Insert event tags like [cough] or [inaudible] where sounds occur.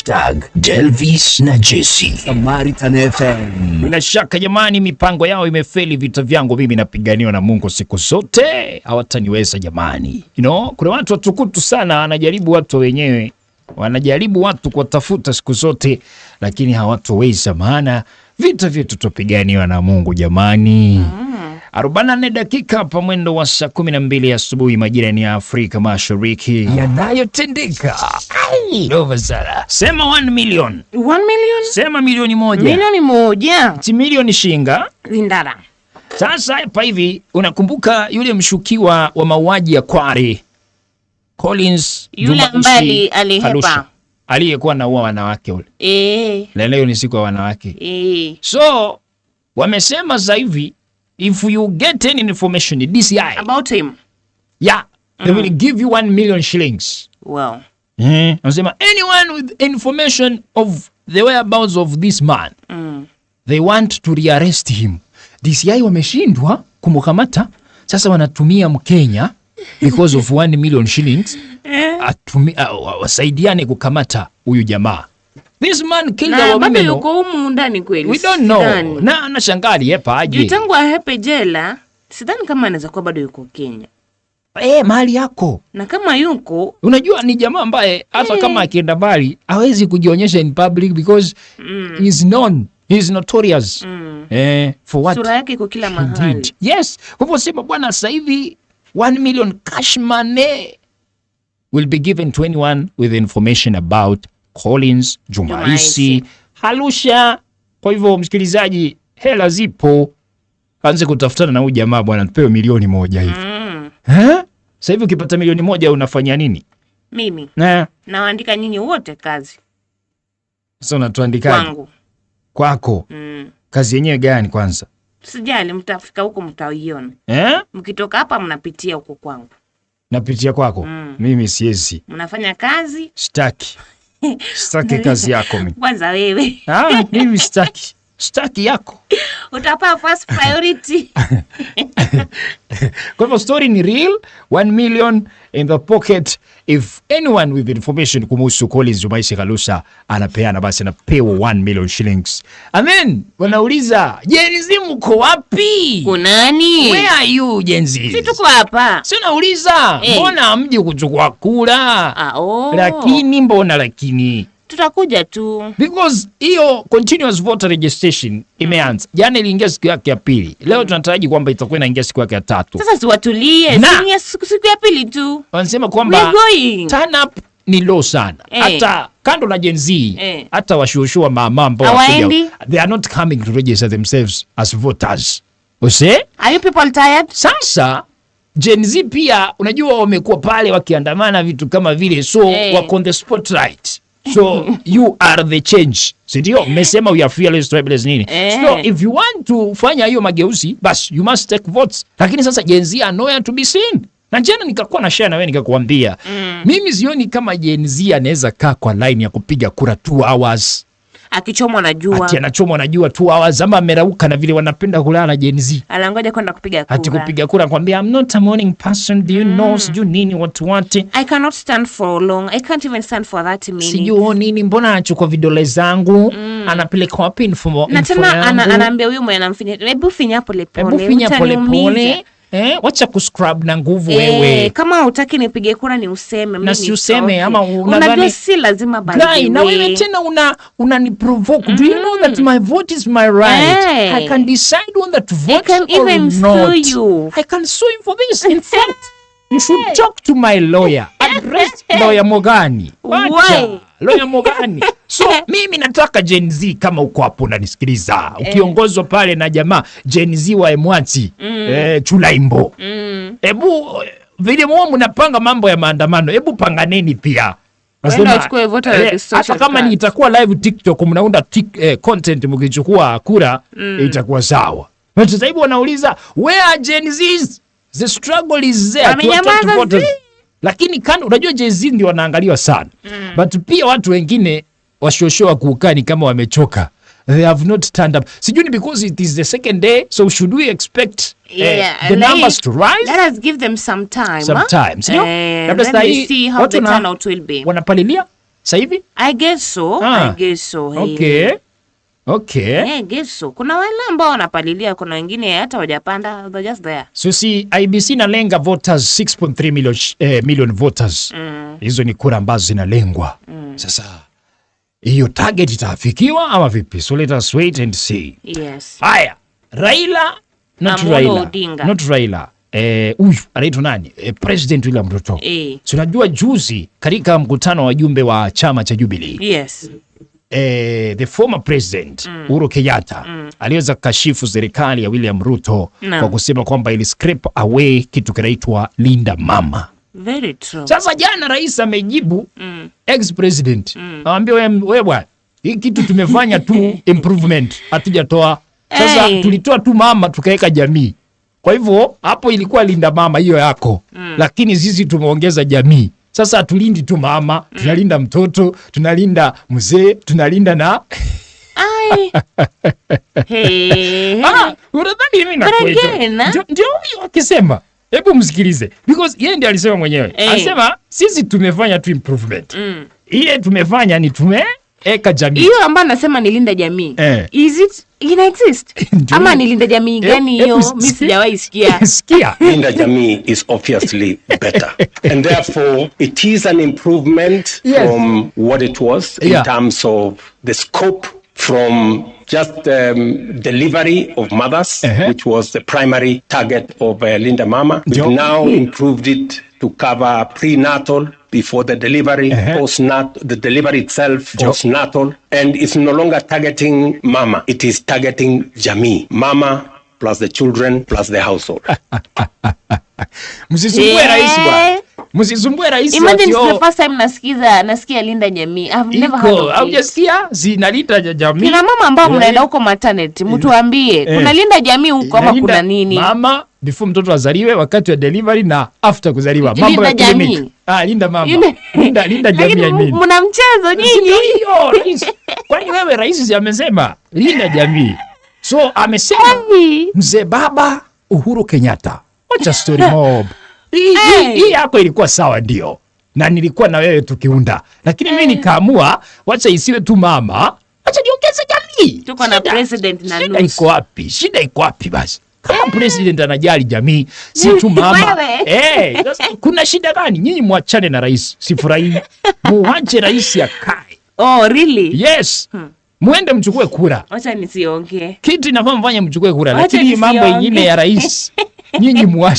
hashtag Delvis na Jesse Samaritan FM. Bila shaka jamani, mipango yao imefeli, vita vyangu mimi napiganiwa na Mungu siku zote, hawataniweza jamani. You know, kuna watu watukutu sana wanajaribu watu wenyewe, wanajaribu watu kuwatafuta siku zote, lakini hawatoweza, maana vita vyetu tupiganiwa na Mungu jamani. mm. 44 dakika pa mwendo wa saa 12 asubuhi majirani ya Afrika Mashariki, ah. yanayotendeka Ndova sema 1 million. 1 million? sema milioni moja, milioni moja, ti milioni shinga Lindara. Sasa hapa hivi unakumbuka yule mshukiwa wa mauaji ya Kwari Collins, yule ambaye alihepa aliyekuwa naua wanawake ule, eh, leo ni siku ya wanawake Eh. So wamesema sasa hivi If you get any information, DCI, about him. Yeah. Mm -hmm. They will give you 1 million shillings. Wow. mm. anyone with information of the whereabouts of this man. Mm. They want to rearrest him. DCI wameshindwa kumukamata sasa wanatumia Mkenya because of 1 million shillings. [laughs] Eh? Atumi, uh, wasaidiane kukamata huyu jamaa. This man killed na, our women. Yuko humu ndani kweli. We don't know. Sidani. Na anashangali hapa eh, aje. Tangu ahepe jela, sidhani kama anaweza kuwa bado yuko Kenya. Eh, mali yako. Na kama yuko, unajua ni jamaa ambaye hata hey, eh. kama akienda mbali hawezi kujionyesha in public because mm, he's known. He's notorious. Mm. Eh, for what? Sura yake iko kila mahali. Yes. Kwa hivyo sema bwana sasa hivi 1 million cash money will be given to anyone with information about Collins, Jumaisi, Halusha. Kwa hivyo msikilizaji, hela zipo, anze kutafutana na huyu jamaa bwana, tupewe milioni moja hivi mm. Eh? Sasa hivi ukipata milioni moja unafanya nini? Mimi eh? nawaandika nyinyi wote kazi. Sasa unatuandikaje? Kwangu, kwako mm. Kazi yenyewe gani kwanza? Sijali, mtafika huko mtaiona eh? Mkitoka hapa mnapitia huko kwangu, napitia kwako mm. Mimi siezi, mnafanya kazi Sitaki. Sitaki kazi yako mimi. Kwanza wewe. Ah, mimi sitaki staki yako [laughs] utapa first priority. [laughs] Kwa hivyo story ni real. 1 million in the pocket. If anyone with information kumuhusu Collins Jumaisi Kalusa anapeana, basi anapewa 1 million shillings. And then wanauliza jenzi, mko wapi? Kunani? Where are you jenzi? Si tuko hapa. Si nauliza eh. mbona hey, mji kuchukua kula. Ah, oh. Lakini mbona lakini tutakuja tu because hiyo continuous voter registration imeanza jana, yaani iliingia siku yake ya pili, leo tunataraji kwamba itakuwa inaingia siku yake ya tatu. Sasa tuwatulie, siku ya pili tu wanasema kwamba turn up ni low sana hey. Eh. hata kando na Gen Z hey. Eh. hata washushua mamambo they are not coming to register themselves as voters. Use? Are you people tired? Sasa Gen Z pia unajua wamekuwa pale wakiandamana vitu kama vile so hey. Eh. Wako on the spotlight So you are the change, sindio Mmesema we are fearless, tribeless nini? Eh. So if you want to fanya hiyo mageuzi, bas you must take votes. Lakini sasa Gen Z are nowhere to be seen. Na jana nikakuwa na share na wewe nikakwambia, mm. Mimi sioni kama Gen Z anaweza kaa kwa line ya kupiga kura 2 hours akichomwa na jua, ati anachomwa na jua tu hours, ama amerauka na vile wanapenda kulala Gen Z, anangoja kwenda kupiga kura, ati kupiga kura, kwambia I'm not a morning person, do you mm. know sijui nini watu wote, I cannot stand for long, I can't even stand for that minute, sijui oh, nini, mbona anachukua vidole zangu mm. anapeleka wapi info, na tena anaambia huyu mwanamfinya, hebu finya pole pole, hebu finya pole pole Eh, wacha kuscrub na nguvu eh, wewe. Kama hutaki nipige kura ni useme mimi. Na si useme ama unadhani si lazima bali. Na wewe tena una unani provoke. Do you know that mm. my vote is my right? Eh. I can decide on that vote I can or even not. sue you. I can sue him for this in fact. You should eh. talk to my lawyer. Address [laughs] lawyer Mogani. Wacha. Loyamo gani? So eh. mimi nataka Gen Z kama uko hapo unanisikiliza, eh. ukiongozwa pale na jamaa Gen Z wa Emwati mm. eh, Chulaimbo mm. ebu vile mwa mnapanga mambo ya maandamano, ebu panganeni pia eh, hata kama ni itakuwa live TikTok, mnaunda tik, eh, content mkichukua kura mm. itakuwa sawa. Sasa hivi wanauliza where are Gen Z's? The struggle is there. Lakini kando, unajua jay ndio wanaangaliwa sana mm. But pia watu wengine washoshoa kuukani kama wamechoka they have not turned up. Sijui ni because it is the second day so should we expect eh, yeah, uh, the let, numbers to rise? Let us give them some time. Some huh? time. Sio? Eh, Labda sasa hii watu wanapalilia sasa hivi? I guess so. Ah. I guess so. Hey. Okay. Okay. Eh, guess so. Kuna wale ambao wanapalilia, kuna wengine hata wajapanda, they just there. So you see, IBC inalenga voters 6.3 million, eh, million voters. Mm. Hizo mm. ni kura ambazo zinalengwa. Mm. Sasa hiyo target itafikiwa ama vipi? So let us wait and see. Yes. Haya, Raila not Raila. Odinga. Not Raila. Eh, uyu anaitwa nani? Eh, President William Ruto. Eh. So unajua juzi katika mkutano wa jumbe wa chama cha Jubilee. Yes eh, the former president mm. Uhuru Kenyatta mm. aliweza kashifu serikali ya William Ruto no. kwa kusema kwamba ili scrape away kitu kinaitwa Linda Mama. Very true. Sasa jana rais amejibu mm. ex president mm. awambia wewe bwana, hii kitu tumefanya tu [laughs] improvement hatujatoa sasa hey. tulitoa tu mama tukaweka jamii. Kwa hivyo hapo ilikuwa Linda Mama hiyo yako mm. lakini sisi tumeongeza jamii sasa tulindi tu mama, mm. tunalinda mtoto, tunalinda mzee, tunalinda na [laughs] ah, eh? ndio huyu akisema, hebu msikilize, because yeye ndiye alisema mwenyewe, hey. Eh. Anasema sisi tumefanya tu improvement mm. Ile tumefanya ni tume eka jamii hiyo ambayo nasema nilinda jamii eh. Is it ina exist [laughs] ama nilinda jamii eh, gani hiyo? Mimi eh, sijawahi sikia [laughs] sikia. Nilinda [laughs] jamii is obviously better and therefore it is an improvement yes. from what it was in yeah. terms of the scope from just um, delivery of mothers uh -huh. which was the primary target of uh, Linda Mama. We've now improved it to cover prenatal before the delivery, uh-huh. postnat- the delivery itself, jo- postnatal, and it's no longer targeting mama, it is targeting jamii, mama plus the children plus the household. yeah. [laughs] Eh. Imagine the first time nasikiza nasikia linda jamii. I've Iko, heard of zinalinda mama ambao eh. mnaenda huko maternity, mtuambie eh. kuna linda jamii huko ama kuna nini? Mama before mtoto azaliwe, wakati wa delivery na after kuzaliwa. Mambo ya kliniki. Ah, linda mama. Linda linda jamii I mean. Mna mchezo nyinyi. Kwani wewe rais amesema linda jamii. So amesema mzee baba Uhuru Kenyatta. Wacha story mob. Hii yako ilikuwa sawa ndio. Na nilikuwa na wewe tukiunda. Lakini mimi nikaamua wacha isiwe tu mama. Wacha niongeze jamii. Tuko na president na nusu. Shida iko wapi? Shida iko wapi basi? Kama hey, eh. president anajali jamii si tu [laughs] mama eh, hey, kuna shida gani? Nyinyi mwachane na rais, sifurahii. [laughs] Muache rais akae. Oh, really? Yes. Hmm. Muende mchukue kura. Acha nisiongee. Kitu inafaa mfanye mchukue kura, lakini mambo ingine ya rais [laughs] nyinyi muache.